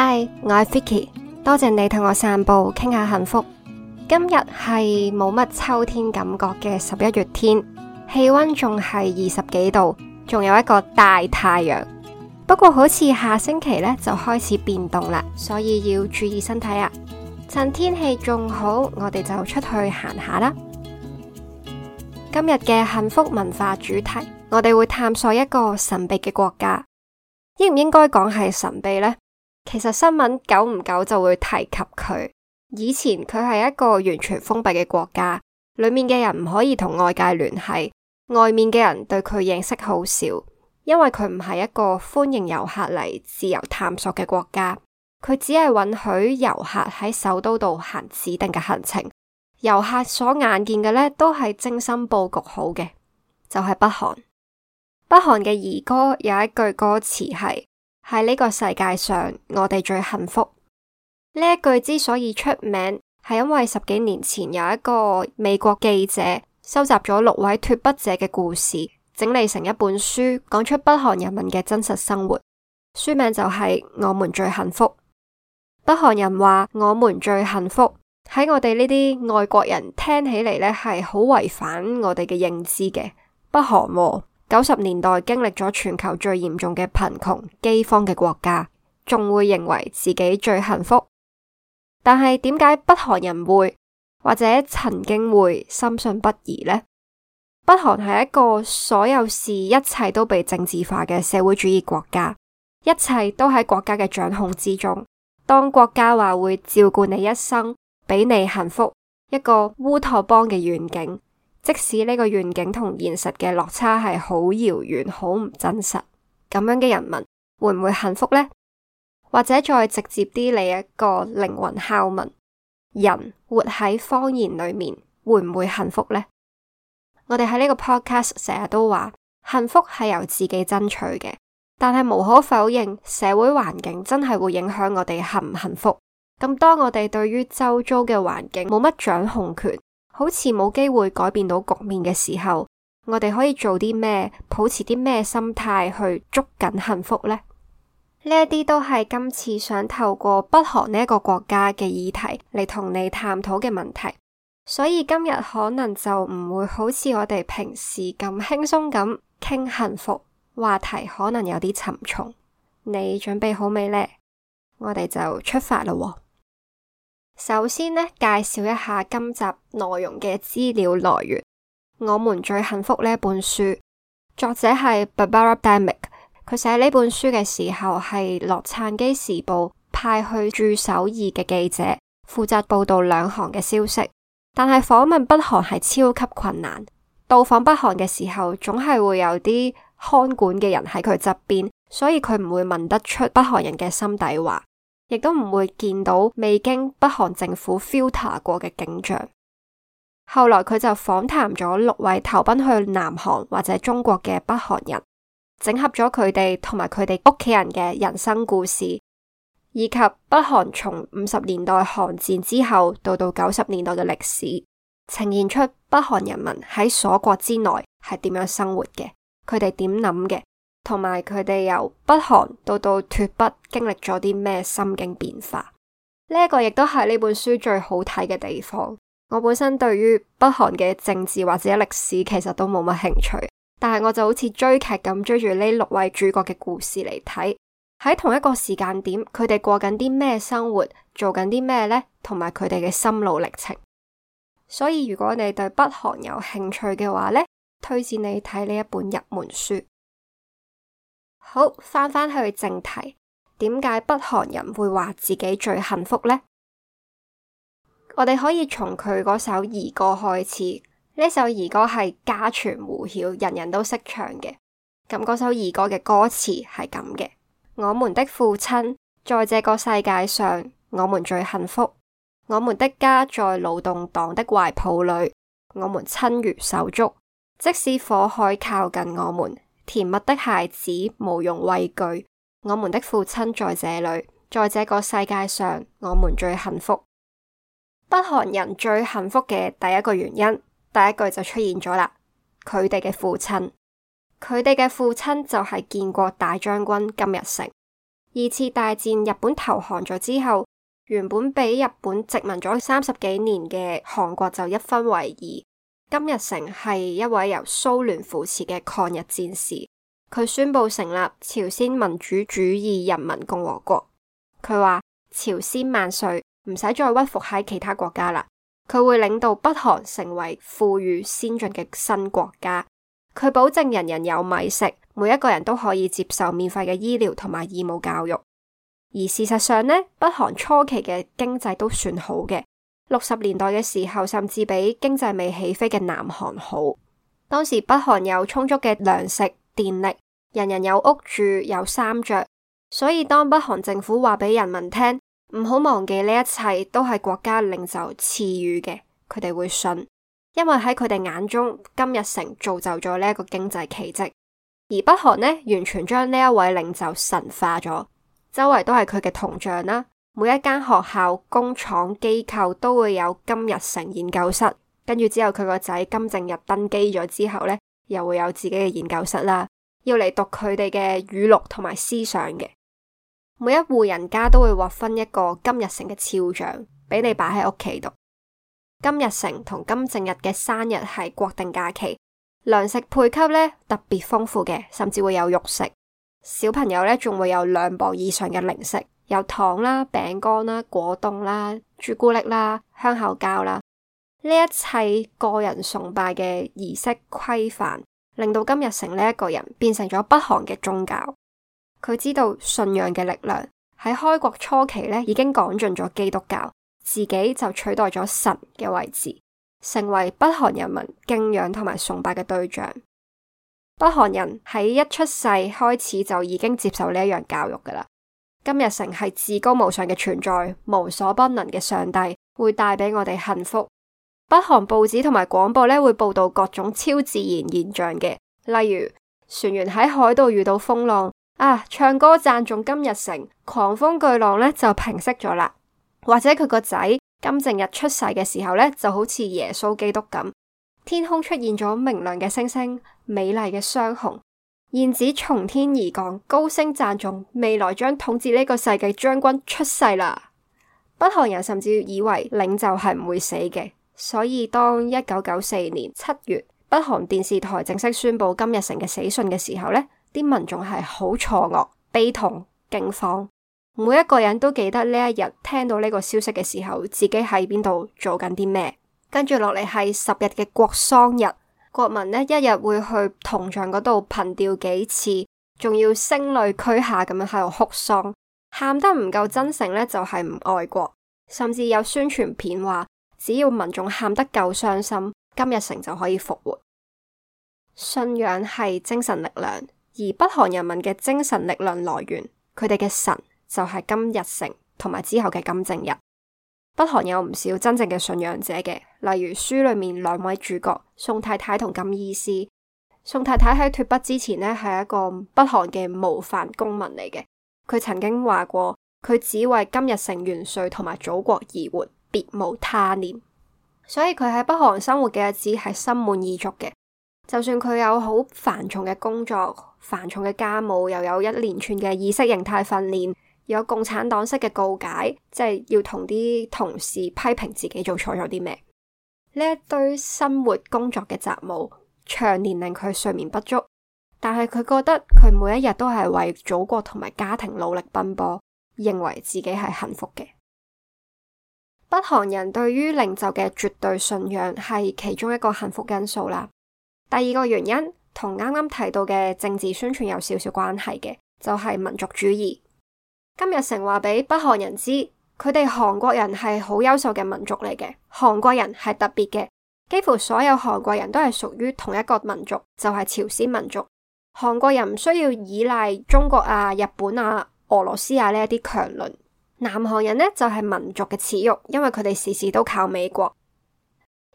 Hi，我係 Vicky，多謝你同我散步傾下幸福。今日係冇乜秋天感覺嘅十一月天，氣溫仲係二十幾度，仲有一個大太陽。不過好似下星期呢，就開始變凍啦，所以要注意身體啊。趁天氣仲好，我哋就出去行下啦。今日嘅幸福文化主題，我哋會探索一個神秘嘅國家。應唔應該講係神秘呢？其實新聞久唔久就會提及佢。以前佢係一個完全封閉嘅國家，裏面嘅人唔可以同外界聯繫，外面嘅人對佢認識好少，因為佢唔係一個歡迎遊客嚟自由探索嘅國家。佢只係允許遊客喺首都度行指定嘅行程，遊客所眼見嘅呢都係精心佈局好嘅，就係北韓。北韓嘅兒歌有一句歌詞係。喺呢個世界上，我哋最幸福。呢一句之所以出名，係因為十幾年前有一個美國記者收集咗六位脫北者嘅故事，整理成一本書，講出北韓人民嘅真實生活。書名就係、是《我們最幸福》。北韓人話我們最幸福，喺我哋呢啲外國人聽起嚟呢，係好違反我哋嘅認知嘅。北韓喎、哦。九十年代經歷咗全球最嚴重嘅貧窮、饑荒嘅國家，仲會認為自己最幸福？但係點解北韓人會或者曾經會深信不疑呢？北韓係一個所有事一切都被政治化嘅社會主義國家，一切都喺國家嘅掌控之中。當國家話會照顧你一生，俾你幸福，一個烏托邦嘅願景。即使呢個願景同現實嘅落差係好遙遠、好唔真實，咁樣嘅人民會唔會幸福呢？或者再直接啲，嚟一個靈魂拷問，人活喺謊言裏面，會唔會幸福呢？我哋喺呢個 podcast 成日都話，幸福係由自己爭取嘅，但係無可否認，社會環境真係會影響我哋幸唔幸福。咁當我哋對於周遭嘅環境冇乜掌控權，好似冇機會改變到局面嘅時候，我哋可以做啲咩？抱持啲咩心態去捉緊幸福呢？呢一啲都係今次想透過北韓呢一個國家嘅議題嚟同你探討嘅問題。所以今日可能就唔會好似我哋平時咁輕鬆咁傾幸福話題，可能有啲沉重。你準備好未呢？我哋就出發喇喎！首先呢，介紹一下今集內容嘅資料來源。我們最幸福呢本書，作者係 Barbara Demick，佢寫呢本書嘅時候，係洛杉磯時報派去駐首爾嘅記者，負責報道兩韓嘅消息。但係訪問北韓係超級困難。到訪北韓嘅時候，總係會有啲看管嘅人喺佢側邊，所以佢唔會問得出北韓人嘅心底話。亦都唔會見到未經北韓政府 filter 過嘅景象。後來佢就訪談咗六位投奔去南韓或者中國嘅北韓人，整合咗佢哋同埋佢哋屋企人嘅人生故事，以及北韓從五十年代韓戰之後到到九十年代嘅歷史，呈現出北韓人民喺鎖國之內係點樣生活嘅，佢哋點諗嘅。同埋佢哋由北韓到到脫北，經歷咗啲咩心境變化？呢個亦都係呢本書最好睇嘅地方。我本身對於北韓嘅政治或者歷史其實都冇乜興趣，但係我就好似追劇咁追住呢六位主角嘅故事嚟睇。喺同一個時間點，佢哋過緊啲咩生活，做緊啲咩呢？同埋佢哋嘅心路歷程。所以如果你對北韓有興趣嘅話呢，推薦你睇呢一本入門書。好，翻返去正題，點解北韓人會話自己最幸福呢？我哋可以從佢嗰首兒歌開始。呢首兒歌係家傳戶曉，人人都識唱嘅。咁嗰首兒歌嘅歌詞係咁嘅：我們的父親在這個世界上，我們最幸福。我們的家在勞動黨的懷抱裏，我們親如手足，即使火海靠近我們。甜蜜的孩子，毋用畏懼。我們的父親在這裏，在這個世界上，我們最幸福。北韓人最幸福嘅第一個原因，第一句就出現咗啦。佢哋嘅父親，佢哋嘅父親就係建國大將軍金日成。二次大戰日本投降咗之後，原本俾日本殖民咗三十幾年嘅韓國就一分為二。金日成係一位由蘇聯扶持嘅抗日戰士，佢宣布成立朝鮮民主主義人民共和國。佢話朝鮮萬歲，唔使再屈服喺其他國家啦。佢會領導北韓成為富裕先進嘅新國家。佢保證人人有米食，每一個人都可以接受免費嘅醫療同埋義務教育。而事實上呢，北韓初期嘅經濟都算好嘅。六十年代嘅時候，甚至比經濟未起飛嘅南韓好。當時北韓有充足嘅糧食、電力，人人有屋住、有衫着。所以當北韓政府話俾人民聽，唔好忘記呢一切都係國家領袖賜予嘅，佢哋會信，因為喺佢哋眼中，金日成造就咗呢一個經濟奇蹟。而北韓呢，完全將呢一位領袖神化咗，周圍都係佢嘅銅像啦。每一間學校、工廠、機構都會有金日成研究室，跟住之後佢個仔金正日登基咗之後呢，又會有自己嘅研究室啦，要嚟讀佢哋嘅語錄同埋思想嘅。每一戶人家都會劃分一個金日成嘅肖像，俾你擺喺屋企度。金日成同金正日嘅生日係國定假期，糧食配給呢，特別豐富嘅，甚至會有肉食。小朋友呢，仲會有兩磅以上嘅零食。有糖啦、餅乾啦、果凍啦、朱古力啦、香口膠啦，呢一切個人崇拜嘅儀式規範，令到金日成呢一個人變成咗北韓嘅宗教。佢知道信仰嘅力量喺開國初期呢，已經趕盡咗基督教，自己就取代咗神嘅位置，成為北韓人民敬仰同埋崇拜嘅對象。北韓人喺一出世開始就已經接受呢一樣教育㗎喇。今日城係至高無上嘅存在，無所不能嘅上帝會帶俾我哋幸福。北韓報紙同埋廣播咧會報道各種超自然現象嘅，例如船員喺海度遇到風浪啊，唱歌讚頌今日城，狂風巨浪咧就平息咗啦。或者佢個仔金正日出世嘅時候咧，就好似耶穌基督咁，天空出現咗明亮嘅星星，美麗嘅雙虹。燕子從天而降，高聲讚頌未來將統治呢個世界將軍出世啦！北韓人甚至以為領袖係唔會死嘅，所以當一九九四年七月北韓電視台正式宣布金日成嘅死訊嘅時候，呢啲民眾係好錯愕、悲痛、驚慌，每一個人都記得呢一日聽到呢個消息嘅時候，自己喺邊度做緊啲咩，跟住落嚟係十日嘅國喪日。國民咧一日會去銅像嗰度憑弔幾次，仲要聲淚俱下咁樣喺度哭喪，喊得唔夠真誠呢，就係、是、唔愛國，甚至有宣傳片話只要民眾喊得夠傷心，金日成就可以復活。信仰係精神力量，而北韓人民嘅精神力量來源，佢哋嘅神就係金日成，同埋之後嘅金正日。北韓有唔少真正嘅信仰者嘅，例如書裏面兩位主角宋太太同金醫師。宋太太喺脱北之前呢，係一個北韓嘅模範公民嚟嘅。佢曾經話過，佢只為金日成元帥同埋祖國而活，別無他念。所以佢喺北韓生活嘅日子係心滿意足嘅。就算佢有好繁重嘅工作，繁重嘅家務，又有一連串嘅意識形態訓練。有共產黨式嘅告解，即係要同啲同事批評自己做錯咗啲咩，呢一堆生活、工作嘅雜務，長年令佢睡眠不足，但係佢覺得佢每一日都係為祖國同埋家庭努力奔波，認為自己係幸福嘅。北韓人對於領袖嘅絕對信仰係其中一個幸福因素啦。第二個原因同啱啱提到嘅政治宣傳有少少關係嘅，就係民族主義。金日成話俾北韓人知，佢哋韓國人係好優秀嘅民族嚟嘅，韓國人係特別嘅，幾乎所有韓國人都係屬於同一個民族，就係朝鮮民族。韓國人唔需要依賴中國啊、日本啊、俄羅斯啊呢一啲強鄰。南韓人呢就係民族嘅恥辱，因為佢哋時時都靠美國。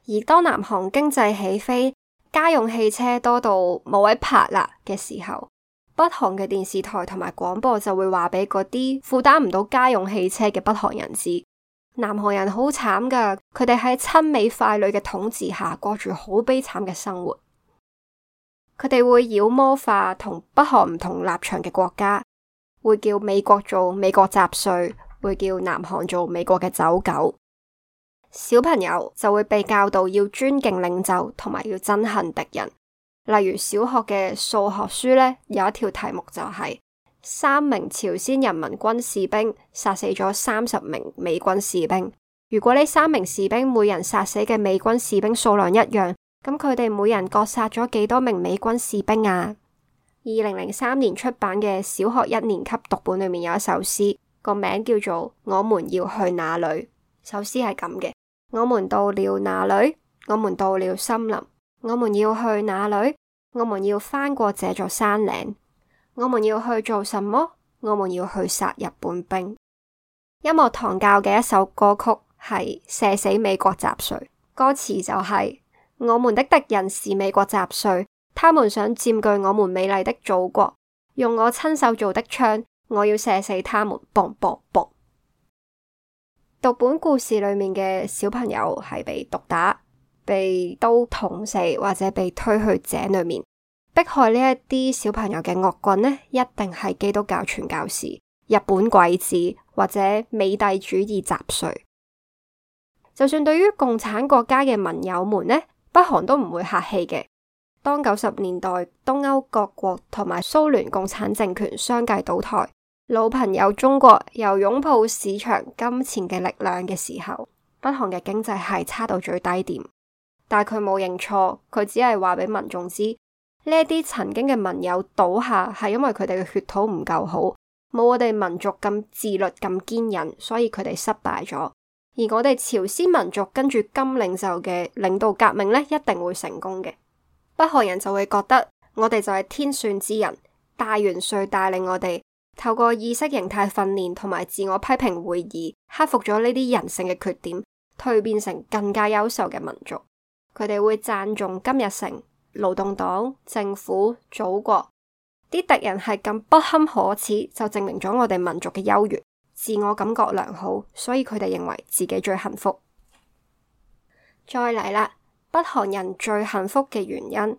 而當南韓經濟起飛，家用汽車多到冇位泊啦嘅時候。北韓嘅電視台同埋廣播就會話畀嗰啲負擔唔到家用汽車嘅北韓人知，南韓人好慘㗎，佢哋喺親美傀儡嘅統治下過住好悲慘嘅生活。佢哋會妖魔化同北韓唔同立場嘅國家，會叫美國做美國雜碎，會叫南韓做美國嘅走狗。小朋友就會被教導要尊敬領袖，同埋要憎恨敵人。例如小學嘅數學書呢，有一條題目就係、是、三名朝鮮人民軍士兵殺死咗三十名美軍士兵。如果呢三名士兵每人殺死嘅美軍士兵數量一樣，咁佢哋每人各殺咗幾多名美軍士兵啊？二零零三年出版嘅小學一年級讀本裏面有一首詩，個名叫做《我們要去哪裏》。首詩係咁嘅：我們到了哪裏？我們到了森林。我們要去哪裡？我們要翻過這座山嶺。我們要去做什麼？我們要去殺日本兵。音樂堂教嘅一首歌曲係《射死美國雜碎》，歌詞就係、是：我們的敵人是美國雜碎，他們想佔據我們美麗的祖國。用我親手做的槍，我要射死他們！砰砰砰！讀本故事裡面嘅小朋友係被毒打、被刀捅死或者被推去井裏面迫害，呢一啲小朋友嘅惡棍呢，一定係基督教傳教士、日本鬼子或者美帝主義雜碎。就算對於共產國家嘅盟友們呢，北韓都唔會客氣嘅。當九十年代東歐各國同埋蘇聯共產政權相繼倒台，老朋友中國又擁抱市場金錢嘅力量嘅時候，北韓嘅經濟係差到最低點。但佢冇認錯，佢只係話俾民眾知呢一啲曾經嘅盟友倒下，係因為佢哋嘅血統唔夠好，冇我哋民族咁自律、咁堅韌，所以佢哋失敗咗。而我哋朝鮮民族跟住金領袖嘅領導革命咧，一定會成功嘅。北韓人就會覺得我哋就係天選之人，大元帥帶領我哋透過意識形態訓練同埋自我批評會議，克服咗呢啲人性嘅缺點，蛻變成更加優秀嘅民族。佢哋會讚頌金日成、勞動黨、政府、祖國，啲敵人係咁不堪可恥，就證明咗我哋民族嘅優越，自我感覺良好，所以佢哋認為自己最幸福。再嚟啦，北韓人最幸福嘅原因，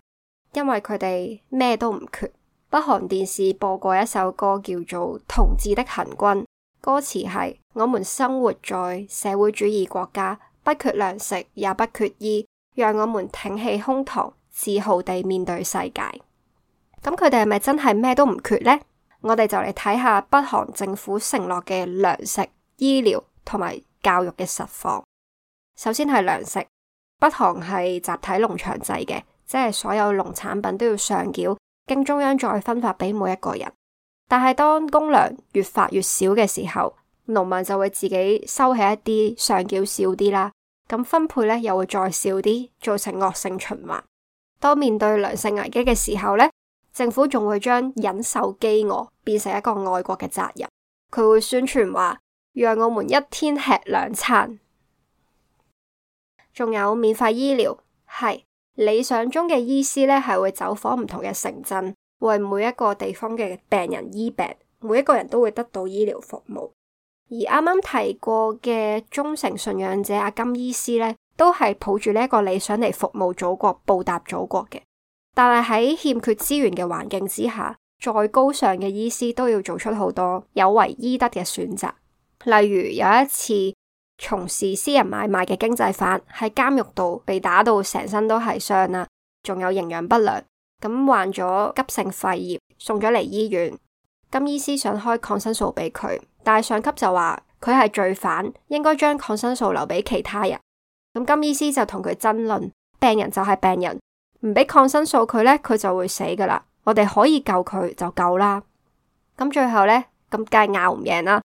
因為佢哋咩都唔缺。北韓電視播過一首歌，叫做《同志的行軍》，歌詞係：我們生活在社會主義國家，不缺糧食，也不缺衣。讓我們挺起胸膛，自豪地面對世界。咁佢哋係咪真係咩都唔缺呢？我哋就嚟睇下北韓政府承諾嘅糧食、醫療同埋教育嘅實況。首先係糧食，北韓係集體農場制嘅，即係所有農產品都要上繳，經中央再分發俾每一個人。但係當公糧越發越少嘅時候，農民就會自己收起一啲，上繳少啲啦。咁分配呢，又會再少啲，造成惡性循環。當面對糧食危機嘅時候呢，政府仲會將忍受飢餓變成一個愛國嘅責任。佢會宣傳話，讓我們一天吃兩餐，仲有免費醫療。係理想中嘅醫師呢，係會走訪唔同嘅城鎮，為每一個地方嘅病人醫病，每一個人都會得到醫療服務。而啱啱提過嘅忠誠信仰者阿金醫師咧，都係抱住呢一個理想嚟服務祖國、報答祖國嘅。但係喺欠缺資源嘅環境之下，再高尚嘅醫師都要做出好多有違醫德嘅選擇。例如有一次，從事私人買賣嘅經濟犯喺監獄度被打到成身都係傷啦，仲有營養不良，咁患咗急性肺炎，送咗嚟醫院。金醫師想開抗生素俾佢。但係上級就話佢係罪犯，應該將抗生素留俾其他人。咁金醫師就同佢爭論，病人就係病人，唔俾抗生素佢呢，佢就會死噶啦。我哋可以救佢就救啦。咁最後呢，咁梗係拗唔贏啦。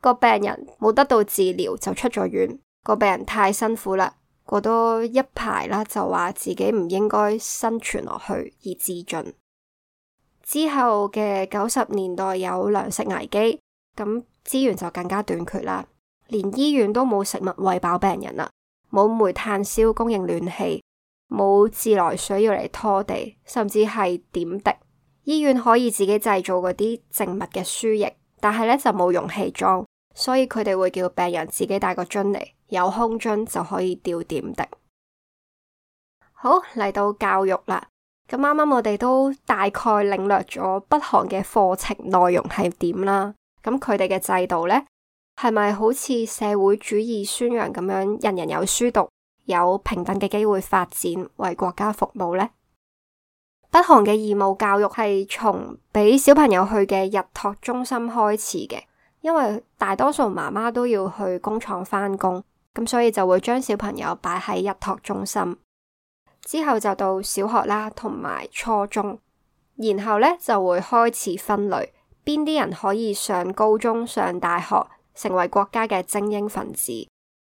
個病人冇得到治療就出咗院。個病人太辛苦啦，過多一排啦，就話自己唔應該生存落去而自盡。之後嘅九十年代有糧食危機，咁。資源就更加短缺啦，連醫院都冇食物餵飽病人啦，冇煤炭燒供應暖氣，冇自來水要嚟拖地，甚至係點滴。醫院可以自己製造嗰啲靜脈嘅輸液，但係呢就冇容器裝，所以佢哋會叫病人自己帶個樽嚟，有空樽就可以吊點滴。好，嚟到教育啦，咁啱啱我哋都大概領略咗北韓嘅課程內容係點啦。咁佢哋嘅制度呢，係咪好似社會主義宣揚咁樣，人人有書讀，有平等嘅機會發展，為國家服務呢？北韓嘅義務教育係從俾小朋友去嘅日托中心開始嘅，因為大多數媽媽都要去工廠返工，咁所以就會將小朋友擺喺日托中心，之後就到小學啦，同埋初中，然後呢就會開始分類。邊啲人可以上高中、上大學，成為國家嘅精英分子，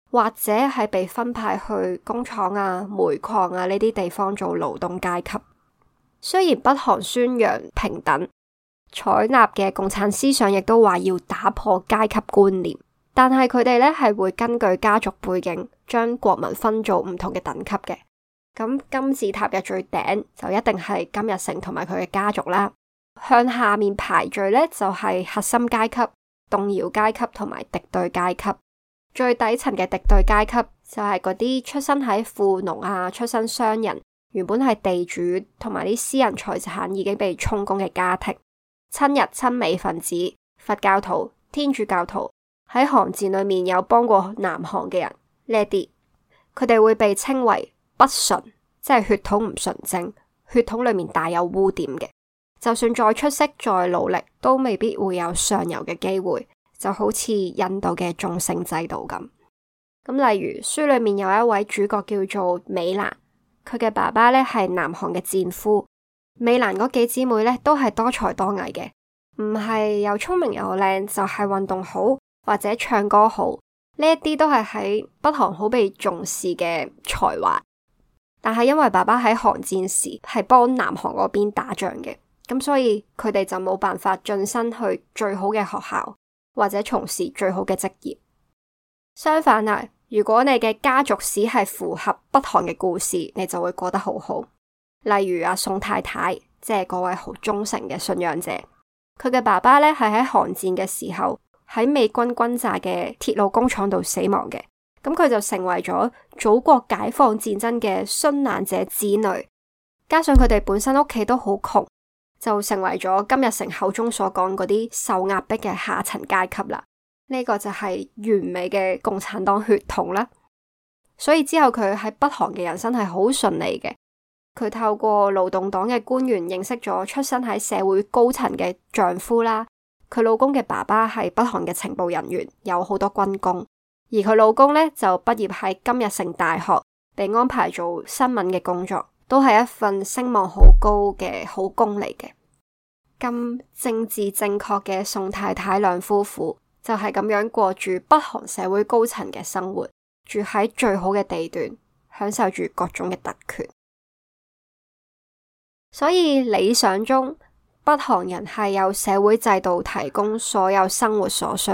或者係被分派去工廠啊、煤礦啊呢啲地方做勞動階級。雖然北韓宣揚平等，採納嘅共產思想亦都話要打破階級觀念，但係佢哋呢係會根據家族背景將國民分做唔同嘅等級嘅。咁金字塔嘅最頂就一定係金日成同埋佢嘅家族啦。向下面排序咧，就係核心階級、動搖階級同埋敵對階級。最底層嘅敵對階級就係嗰啲出身喺富農啊、出身商人、原本係地主同埋啲私人財產已經被充公嘅家庭、親日親美分子、佛教徒、天主教徒喺韓戰裏面有幫過南韓嘅人呢啲，佢哋會被稱為不純，即係血統唔純正，血統裏面帶有污點嘅。就算再出色、再努力，都未必會有上游嘅機會，就好似印度嘅種姓制度咁。咁，例如書裏面有一位主角叫做美蘭，佢嘅爸爸呢係南韓嘅戰俘。美蘭嗰幾姊妹呢都係多才多藝嘅，唔係又聰明又靚，就係運動好或者唱歌好呢一啲都係喺北韓好被重視嘅才華。但係因為爸爸喺韓戰時係幫南韓嗰邊打仗嘅。咁所以佢哋就冇辦法晉身去最好嘅學校或者從事最好嘅職業。相反啊，如果你嘅家族史係符合北韓嘅故事，你就會過得好好。例如阿宋太太即係嗰位好忠誠嘅信仰者，佢嘅爸爸咧係喺韓戰嘅時候喺美軍轟炸嘅鐵路工廠度死亡嘅。咁佢就成為咗祖國解放戰爭嘅殉難者子女。加上佢哋本身屋企都好窮。就成為咗金日成口中所講嗰啲受壓迫嘅下層階級啦，呢個就係完美嘅共產黨血統啦。所以之後佢喺北韓嘅人生係好順利嘅。佢透過勞動黨嘅官員認識咗出身喺社會高層嘅丈夫啦。佢老公嘅爸爸係北韓嘅情報人員，有好多軍功。而佢老公呢，就畢業喺金日成大學，被安排做新聞嘅工作。都係一份聲望好高嘅好工嚟嘅。咁政治正確嘅宋太太兩夫婦就係咁樣過住北韓社會高層嘅生活，住喺最好嘅地段，享受住各種嘅特權。所以理想中北韓人係有社會制度提供所有生活所需，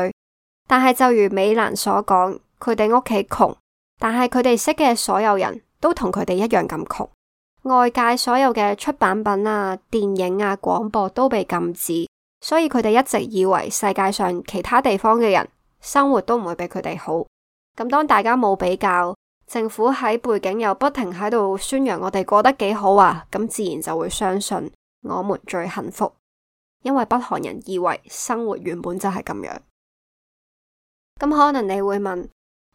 但係就如美蘭所講，佢哋屋企窮，但係佢哋識嘅所有人都同佢哋一樣咁窮。外界所有嘅出版品啊、電影啊、廣播都被禁止，所以佢哋一直以為世界上其他地方嘅人生活都唔會比佢哋好。咁當大家冇比較，政府喺背景又不停喺度宣揚我哋過得幾好啊，咁自然就會相信我們最幸福，因為北韓人以為生活原本就係咁樣。咁可能你會問，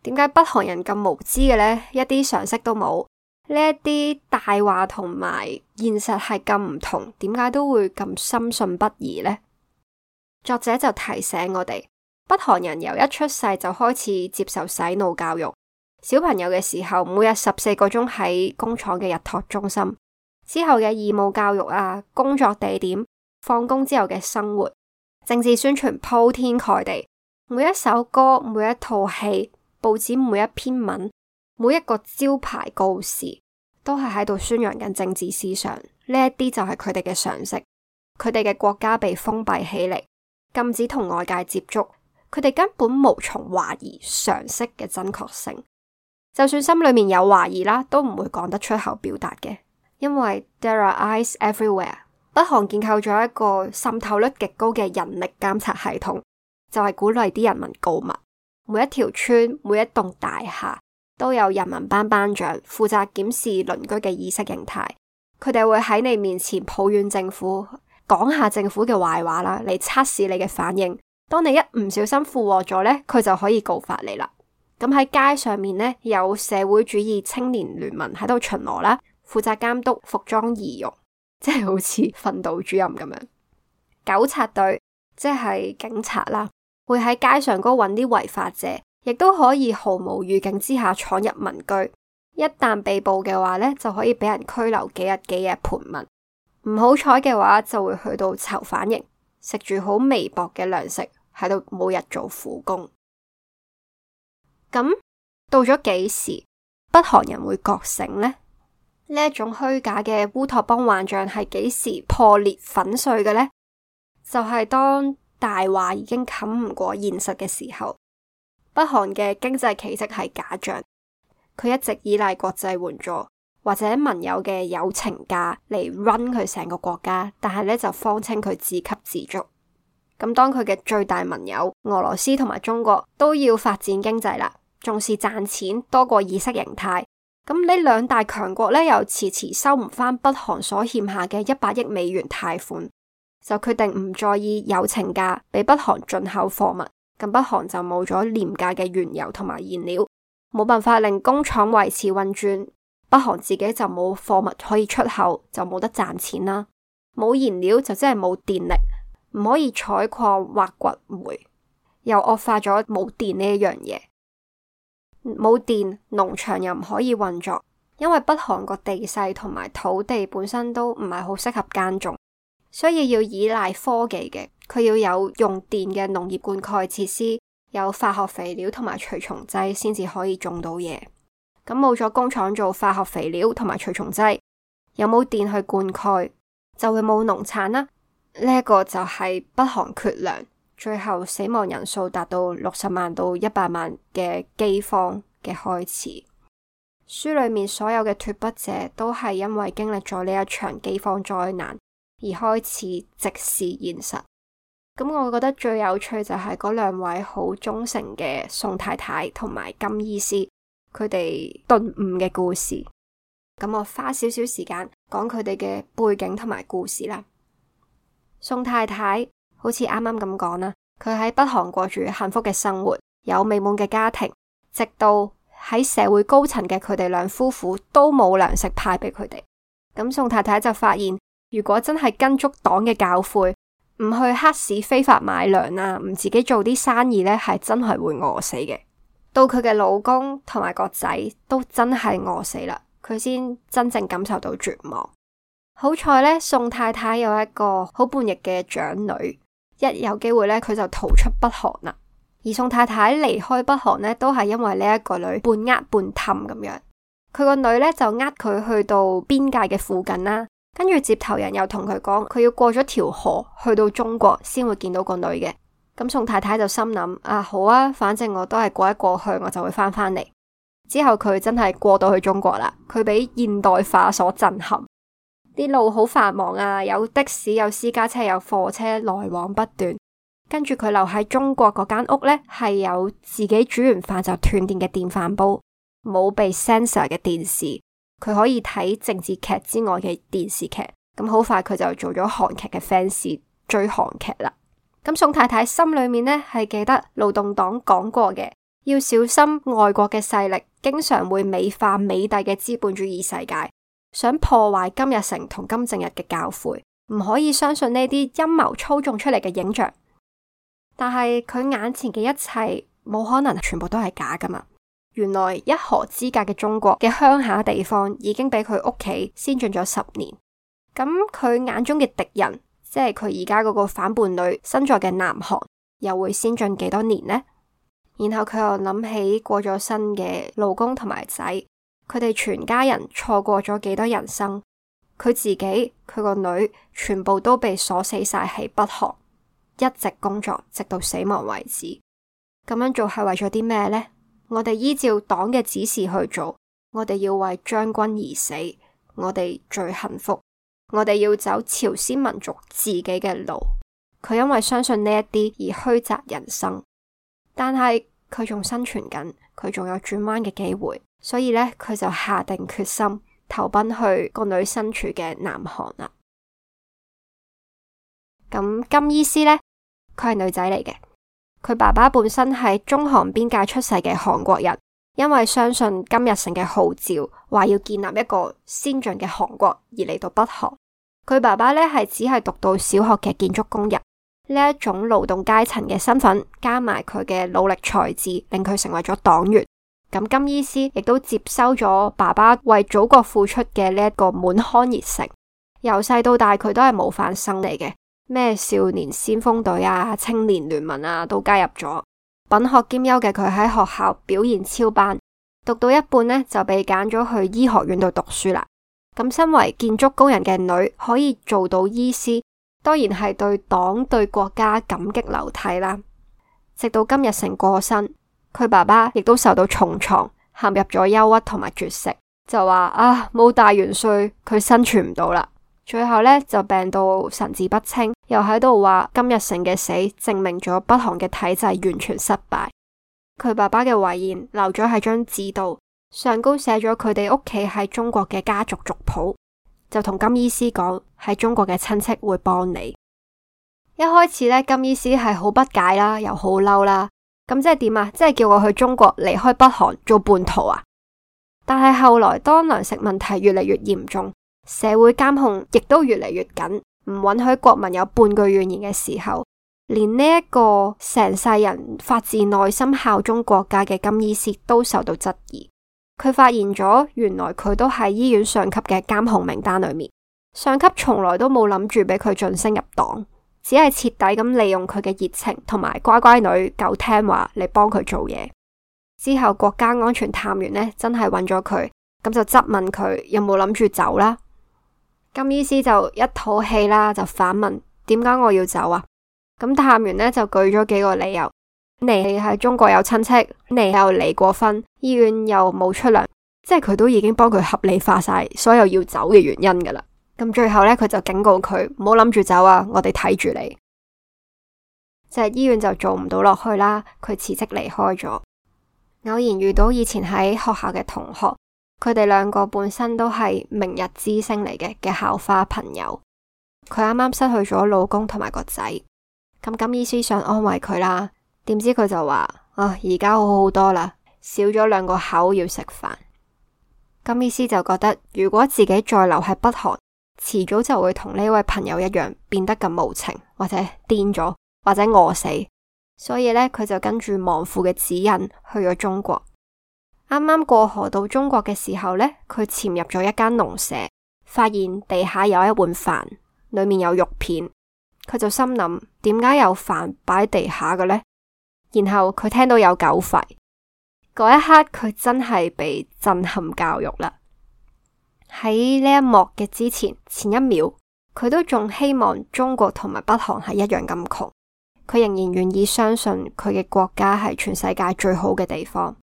點解北韓人咁無知嘅呢？一啲常識都冇。呢一啲大話同埋現實係咁唔同，點解都會咁深信不疑呢？作者就提醒我哋，北韓人由一出世就開始接受洗腦教育，小朋友嘅時候每日十四個鐘喺工廠嘅日托中心，之後嘅義務教育啊、工作地點、放工之後嘅生活、政治宣傳鋪天蓋地，每一首歌、每一套戲、報紙每一篇文，每一個招牌告示都係喺度宣揚緊政治思想，呢一啲就係佢哋嘅常識。佢哋嘅國家被封閉起嚟，禁止同外界接觸，佢哋根本無從懷疑常識嘅真確性。就算心裏面有懷疑啦，都唔會講得出口表達嘅，因為 there are eyes everywhere。北韓建構咗一個滲透率極高嘅人力監察系統，就係鼓勵啲人民告密。每一條村，每一棟大廈，都有人民班班長負責檢視鄰居嘅意識形態，佢哋會喺你面前抱怨政府，講下政府嘅壞話啦，嚟測試你嘅反應。當你一唔小心附和咗呢，佢就可以告發你啦。咁喺街上面呢，有社會主義青年聯盟喺度巡邏啦，負責監督服裝儀容，即係好似訓導主任咁樣。糾察隊即係警察啦，會喺街上嗰度揾啲違法者。亦都可以毫無預警之下闖入民居，一旦被捕嘅話呢，就可以俾人拘留幾日幾夜盤問，唔好彩嘅話就會去到囚犯營，食住好微薄嘅糧食，喺度每日做苦工。咁到咗幾時北韓人會覺醒呢？呢一種虛假嘅烏托邦幻象係幾時破裂粉碎嘅呢？就係、是、當大話已經冚唔過現實嘅時候。北韓嘅經濟奇蹟係假象，佢一直依賴國際援助或者盟友嘅友情價嚟 run 佢成個國家，但係咧就謊稱佢自給自足。咁當佢嘅最大盟友俄羅斯同埋中國都要發展經濟啦，重視賺錢多過意識形態，咁呢兩大強國咧又遲遲收唔翻北韓所欠下嘅一百億美元貸款，就決定唔在意友情價，俾北韓進口貨物。咁北韓就冇咗廉價嘅原油同埋燃料，冇辦法令工廠維持運轉。北韓自己就冇貨物可以出口，就冇得賺錢啦。冇燃料就即係冇電力，唔可以採礦挖掘煤，煤，又惡化咗冇電呢一樣嘢。冇電，農場又唔可以運作，因為北韓個地勢同埋土地本身都唔係好適合耕種。所以要依賴科技嘅，佢要有用電嘅農業灌溉設施，有化學肥料同埋除蟲劑先至可以種到嘢。咁冇咗工廠做化學肥料同埋除蟲劑，有冇電去灌溉，就會冇農產啦。呢、這、一個就係北韓缺糧，最後死亡人數達到六十萬到一百萬嘅饑荒嘅開始。書裏面所有嘅脫北者都係因為經歷咗呢一場饑荒災難而開始直視現實，咁我覺得最有趣就係嗰兩位好忠誠嘅宋太太同埋金醫師，佢哋頓悟嘅故事。咁我花少少時間講佢哋嘅背景同埋故事啦。宋太太好似啱啱咁講啦，佢喺北韓過住幸福嘅生活，有美滿嘅家庭，直到喺社會高層嘅佢哋兩夫婦都冇糧食派俾佢哋，咁宋太太就發現。如果真係跟足黨嘅教誨，唔去黑市非法買糧啦，啊，唔自己做啲生意呢，係真係會餓死嘅。到佢嘅老公同埋個仔都真係餓死啦，佢先真正感受到絕望。好彩呢，宋太太有一個好叛逆嘅長女，一有機會呢，佢就逃出北韓啦。而宋太太離開北韓呢，都係因為呢一個女半呃半氹咁樣，佢個女呢，就呃佢去到邊界嘅附近啦。跟住接，接頭人又同佢講，佢要過咗條河去到中國先會見到個女嘅。咁宋太太就心諗：啊，好啊，反正我都係過一過去，我就會翻返嚟。之後佢真係過到去中國啦。佢俾現代化所震撼，啲路好繁忙啊，有的士、有私家車、有貨車來往不斷。跟住佢留喺中國嗰間屋呢，係有自己煮完飯就斷電嘅電飯煲，冇被 censor 嘅電視。佢可以睇政治劇之外嘅電視劇，咁好快佢就做咗韓劇嘅 fans，追韓劇啦。咁宋太太心裏面呢係記得勞動黨講過嘅，要小心外國嘅勢力，經常會美化美帝嘅資本主義世界，想破壞金日成同金正日嘅教誨，唔可以相信呢啲陰謀操縱出嚟嘅影像。但係佢眼前嘅一切，冇可能全部都係假噶嘛。原來一河之隔嘅中國嘅鄉下地方已經比佢屋企先進咗十年。咁佢眼中嘅敵人，即係佢而家嗰個反叛女身在嘅南韓，又會先進幾多年呢？然後佢又諗起過咗身嘅老公同埋仔，佢哋全家人錯過咗幾多人生。佢自己佢個女全部都被鎖死晒喺北韓，一直工作直到死亡為止。咁樣做係為咗啲咩呢？我哋依照黨嘅指示去做，我哋要為將軍而死，我哋最幸福。我哋要走朝鮮民族自己嘅路。佢因為相信呢一啲而虛擲人生，但係佢仲生存緊，佢仲有轉彎嘅機會，所以咧佢就下定決心投奔去個女身處嘅南韓啦。咁金醫師咧，佢係女仔嚟嘅。佢爸爸本身係中韓邊界出世嘅韓國人，因為相信金日成嘅號召，話要建立一個先進嘅韓國而嚟到北韓。佢爸爸咧，係只係讀到小學嘅建築工人，呢一種勞動階層嘅身份，加埋佢嘅努力才智，令佢成為咗黨員。咁金醫師亦都接收咗爸爸為祖國付出嘅呢一個滿腔熱誠。由細到大，佢都係模範生嚟嘅。咩少年先鋒隊啊，青年聯盟啊，都加入咗。品學兼優嘅佢喺學校表現超班，讀到一半呢，就被揀咗去醫學院度讀書啦。咁身為建築工人嘅女，可以做到醫師，當然係對黨對國家感激流涕啦。直到金日成過身，佢爸爸亦都受到重創，陷入咗憂鬱同埋絕食，就話啊冇大元帥，佢生存唔到啦。最後呢，就病到神志不清，又喺度話金日成嘅死證明咗北韓嘅體制完全失敗。佢爸爸嘅遺言留咗喺張紙度，上高寫咗佢哋屋企喺中國嘅家族族譜，就同金醫師講，喺中國嘅親戚會幫你。一開始呢，金醫師係好不解啦，又好嬲啦，咁即係點啊？即係叫我去中國離開北韓做叛徒啊！但係後來當糧食問題越嚟越嚴重。社會監控亦都越嚟越緊，唔允許國民有半句怨言嘅時候，連呢一個成世人發自內心效忠國家嘅金醫師都受到質疑。佢發現咗，原來佢都喺醫院上級嘅監控名單裏面，上級從來都冇諗住俾佢晉升入黨，只係徹底咁利用佢嘅熱情同埋乖乖女、夠聽話嚟幫佢做嘢。之後國家安全探員呢，真係揾咗佢，咁就質問佢有冇諗住走啦。金醫師就一肚氣啦，就反問：點解我要走啊？咁探員呢，就舉咗幾個理由：你喺中國有親戚，你又離過婚，醫院又冇出糧，即係佢都已經幫佢合理化晒所有要走嘅原因噶啦。咁最後呢，佢就警告佢：唔好諗住走啊，我哋睇住你。就係醫院就做唔到落去啦，佢辭職離開咗。偶然遇到以前喺學校嘅同學。佢哋兩個本身都係明日之星嚟嘅嘅校花朋友，佢啱啱失去咗老公同埋個仔，咁金醫師想安慰佢啦，點知佢就話：啊、哦，而家好好多啦，少咗兩個口要食飯。金醫師就覺得如果自己再留喺北韓，遲早就會同呢位朋友一樣變得咁無情，或者癲咗，或者餓死，所以呢，佢就跟住亡父嘅指引去咗中國。啱啱過河到中國嘅時候呢，佢潛入咗一間農舍，發現地下有一碗飯，裏面有肉片。佢就心諗，點解有飯擺喺地下嘅呢？然後佢聽到有狗吠，嗰一刻佢真係被震撼教育啦。喺呢一幕嘅之前，前一秒佢都仲希望中國同埋北韓係一樣咁窮，佢仍然願意相信佢嘅國家係全世界最好嘅地方。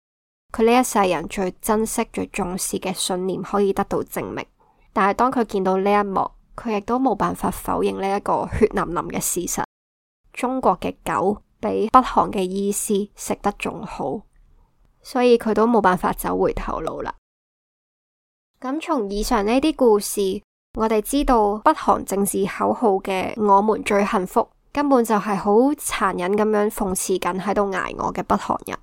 佢呢一世人最珍惜、最重視嘅信念可以得到證明，但係當佢見到呢一幕，佢亦都冇辦法否認呢一個血淋淋嘅事實。中國嘅狗比北韓嘅醫師食得仲好，所以佢都冇辦法走回頭路啦。咁從以上呢啲故事，我哋知道北韓政治口號嘅“我們最幸福”根本就係好殘忍咁樣諷刺緊喺度挨餓嘅北韓人。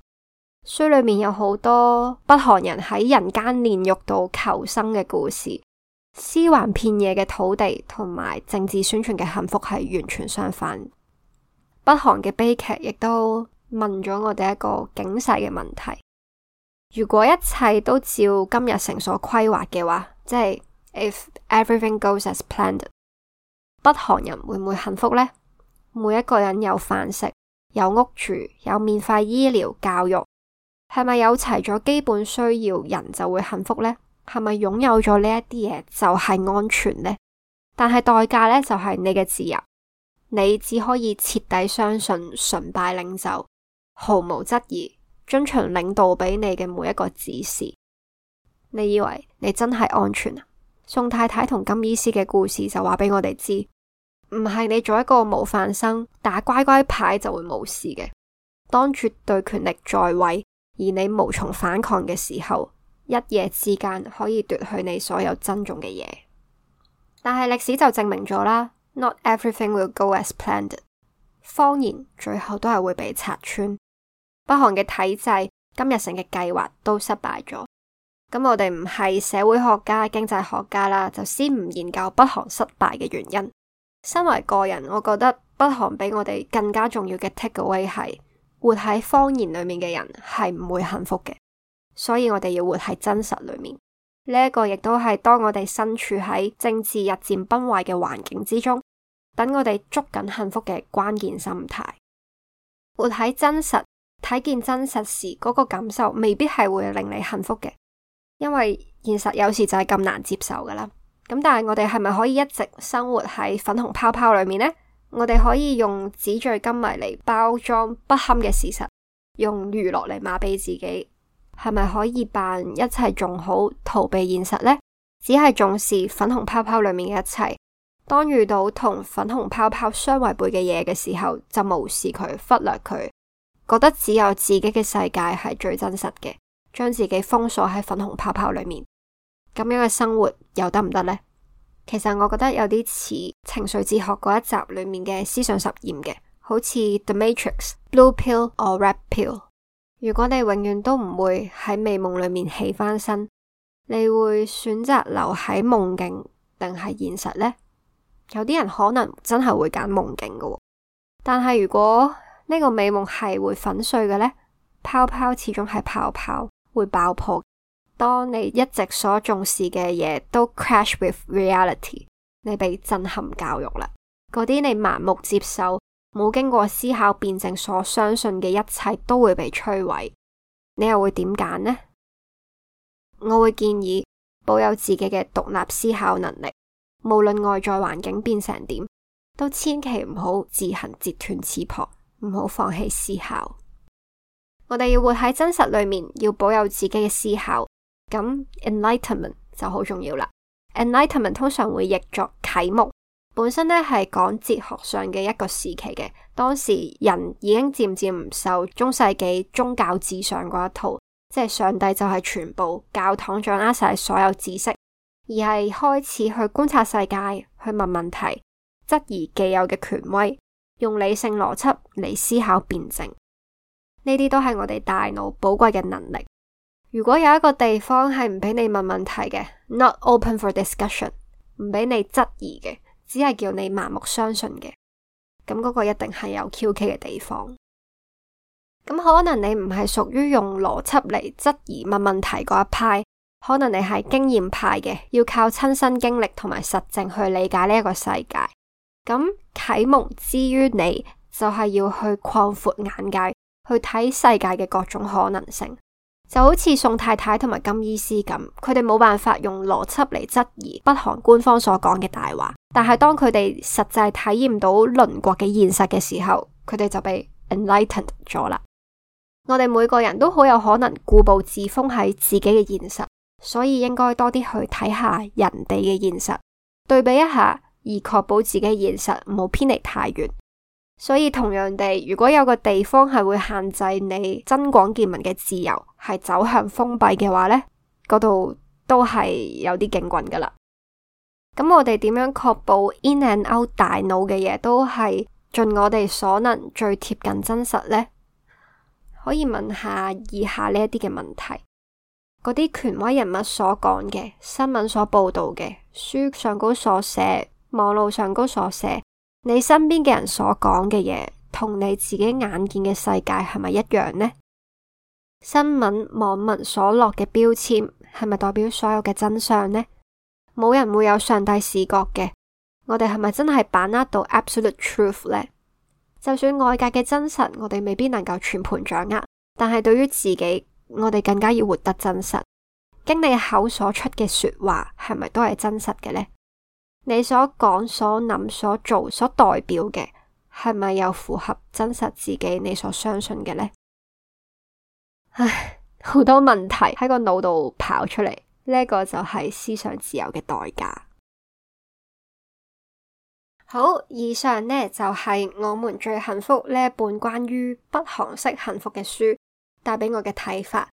書裏面有好多北韓人喺人間煉獄度求生嘅故事，屍橫遍野嘅土地同埋政治宣傳嘅幸福係完全相反。北韓嘅悲劇亦都問咗我哋一個警世嘅問題：如果一切都照金日成所規劃嘅話，即係 if everything goes as planned，北韓人會唔會幸福呢？每一個人有飯食，有屋住，有免費醫療、教育。係咪有齊咗基本需要，人就會幸福呢？係咪擁有咗呢一啲嘢就係安全呢？但係代價呢，就係你嘅自由，你只可以徹底相信、崇拜領袖，毫無質疑，遵從領導俾你嘅每一個指示。你以為你真係安全啊？宋太太同金醫師嘅故事就話俾我哋知，唔係你做一個模範生，打乖乖牌就會冇事嘅。當絕對權力在位，而你無從反抗嘅時候，一夜之間可以奪去你所有珍重嘅嘢。但係歷史就證明咗啦，Not everything will go as planned。謊言最後都係會被拆穿。北韓嘅體制，今日成嘅計劃都失敗咗。咁我哋唔係社會學家、經濟學家啦，就先唔研究北韓失敗嘅原因。身為個人，我覺得北韓畀我哋更加重要嘅 takeaway 係。活喺謊言裏面嘅人係唔會幸福嘅，所以我哋要活喺真實裏面。呢、這、一個亦都係當我哋身處喺政治日漸崩壞嘅環境之中，等我哋捉緊幸福嘅關鍵心態。活喺真實，睇見真實時嗰、那個感受，未必係會令你幸福嘅，因為現實有時就係咁難接受㗎啦。咁但係我哋係咪可以一直生活喺粉紅泡泡裏面呢？我哋可以用紙醉金迷嚟包裝不堪嘅事實，用娛樂嚟麻痹自己，係咪可以扮一切仲好，逃避現實呢？只係重視粉紅泡泡裏面嘅一切，當遇到同粉紅泡泡相違背嘅嘢嘅時候，就無視佢，忽略佢，覺得只有自己嘅世界係最真實嘅，將自己封鎖喺粉紅泡泡裏面，咁樣嘅生活又得唔得呢？其實我覺得有啲似情緒哲學嗰一集裏面嘅思想實驗嘅，好似《The Matrix》。Blue pill or red pill？如果你永遠都唔會喺美夢裏面起翻身，你會選擇留喺夢境定係現實呢？有啲人可能真係會揀夢境嘅，但係如果呢個美夢係會粉碎嘅呢，泡泡始終係泡泡，會爆破。當你一直所重視嘅嘢都 crash with reality，你被震撼教育啦。嗰啲你盲目接受、冇經過思考辯證所相信嘅一切都會被摧毀。你又會點揀呢？我會建議保有自己嘅獨立思考能力，無論外在環境變成點，都千祈唔好自行截斷刺破，唔好放棄思考。我哋要活喺真實裏面，要保有自己嘅思考。咁，enlightenment 就好重要啦。enlightenment 通常會譯作啟蒙，本身咧係講哲學上嘅一個時期嘅，當時人已經漸漸唔受中世紀宗教至上嗰一套，即係上帝就係全部，教堂掌握晒所有知識，而係開始去觀察世界，去問問題，質疑既有嘅權威，用理性邏輯嚟思考辯證，呢啲都係我哋大腦寶貴嘅能力。如果有一個地方係唔俾你問問題嘅，Not open for discussion，唔俾你質疑嘅，只係叫你盲目相信嘅，咁嗰個一定係有蹊蹺嘅地方。咁可能你唔係屬於用邏輯嚟質疑問問題嗰一派，可能你係經驗派嘅，要靠親身經歷同埋實證去理解呢一個世界。咁啟蒙之於你，就係、是、要去擴闊眼界，去睇世界嘅各種可能性。就好似宋太太同埋金醫師咁，佢哋冇辦法用邏輯嚟質疑北韓官方所講嘅大話。但係當佢哋實際體驗到鄰國嘅現實嘅時候，佢哋就被 enlightened 咗啦。我哋每個人都好有可能固步自封喺自己嘅現實，所以應該多啲去睇下人哋嘅現實，對比一下，而確保自己嘅現實冇偏離太遠。所以同樣地，如果有個地方係會限制你增廣見聞嘅自由，係走向封閉嘅話，呢嗰度都係有啲警棍噶啦。咁我哋點樣確保 in and out 大腦嘅嘢都係盡我哋所能最貼近真實呢？可以問下以下呢一啲嘅問題：嗰啲權威人物所講嘅、新聞所報道嘅、書上高所寫、網絡上高所寫。你身邊嘅人所講嘅嘢，同你自己眼見嘅世界係咪一樣呢？新聞網民所落嘅標籤係咪代表所有嘅真相呢？冇人會有上帝視角嘅，我哋係咪真係把握到 absolute truth 呢？就算外界嘅真實，我哋未必能夠全盤掌握，但係對於自己，我哋更加要活得真實。經你口所出嘅說話，係咪都係真實嘅呢？你所講、所諗、所做、所代表嘅，係咪又符合真實自己？你所相信嘅呢？唉，好多問題喺個腦度跑出嚟，呢、這個就係思想自由嘅代價。好，以上呢就係、是、我們最幸福呢一本關於北韓式幸福嘅書帶畀我嘅睇法，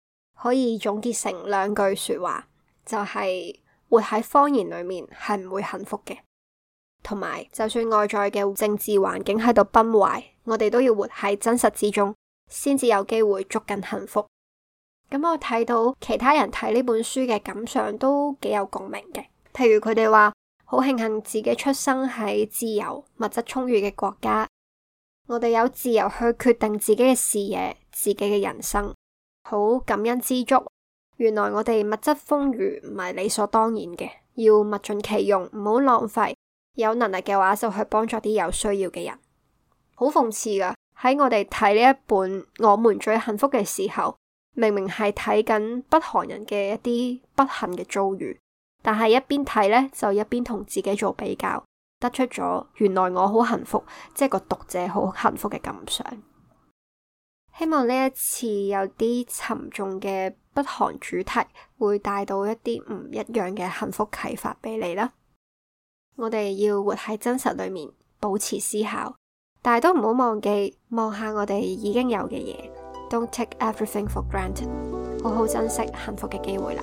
可以總結成兩句說話，就係、是。活喺謊言裏面係唔會幸福嘅，同埋就算外在嘅政治環境喺度崩壞，我哋都要活喺真實之中，先至有機會捉緊幸福。咁我睇到其他人睇呢本書嘅感想都幾有共鳴嘅，譬如佢哋話好慶幸自己出生喺自由、物質充裕嘅國家，我哋有自由去決定自己嘅視野、自己嘅人生，好感恩知足。原來我哋物質豐裕唔係理所當然嘅，要物盡其用，唔好浪費。有能力嘅話就去幫助啲有需要嘅人。好諷刺噶，喺我哋睇呢一本《我們最幸福》嘅時候，明明係睇緊北韓人嘅一啲不幸嘅遭遇，但係一邊睇呢，就一邊同自己做比較，得出咗原來我好幸福，即係個讀者好幸福嘅感想。希望呢一次有啲沉重嘅。北韓主題，會帶到一啲唔一樣嘅幸福啟發俾你啦。我哋要活喺真實裏面，保持思考，但係都唔好忘記望下我哋已經有嘅嘢。Don't take everything for granted，好好珍惜幸福嘅機會啦。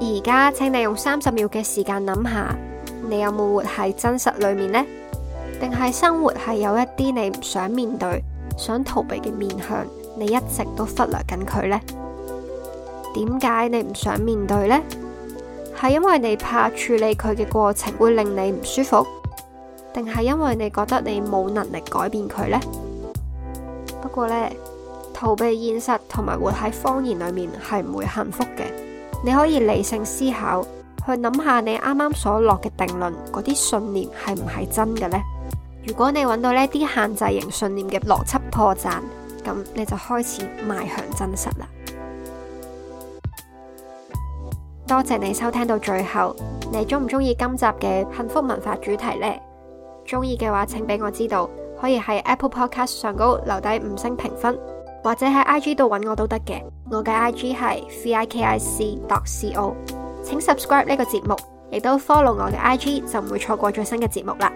而家，請你用三十秒嘅時間諗下，你有冇活喺真實裏面呢？定係生活係有一啲你唔想面對、想逃避嘅面向，你一直都忽略緊佢呢？點解你唔想面對呢？係因為你怕處理佢嘅過程會令你唔舒服，定係因為你覺得你冇能力改變佢呢？不過呢，逃避現實同埋活喺謊言裏面係唔會幸福嘅。你可以理性思考，去諗下，你啱啱所落嘅定論嗰啲信念係唔係真嘅呢？如果你揾到呢啲限制型信念嘅邏輯破綻，咁你就開始邁向真實啦。多謝你收聽到最後，你中唔中意今集嘅幸福文化主題呢？中意嘅話，請俾我知道，可以喺 Apple Podcast 上高留低五星評分，或者喺 IG 度揾我都得嘅。我嘅 IG 係 vikic.co，請 subscribe 呢個節目，亦都 follow 我嘅 IG，就唔會錯過最新嘅節目啦。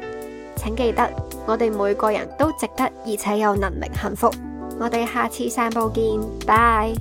請記得，我哋每個人都值得，而且有能力幸福。我哋下次散步見，拜。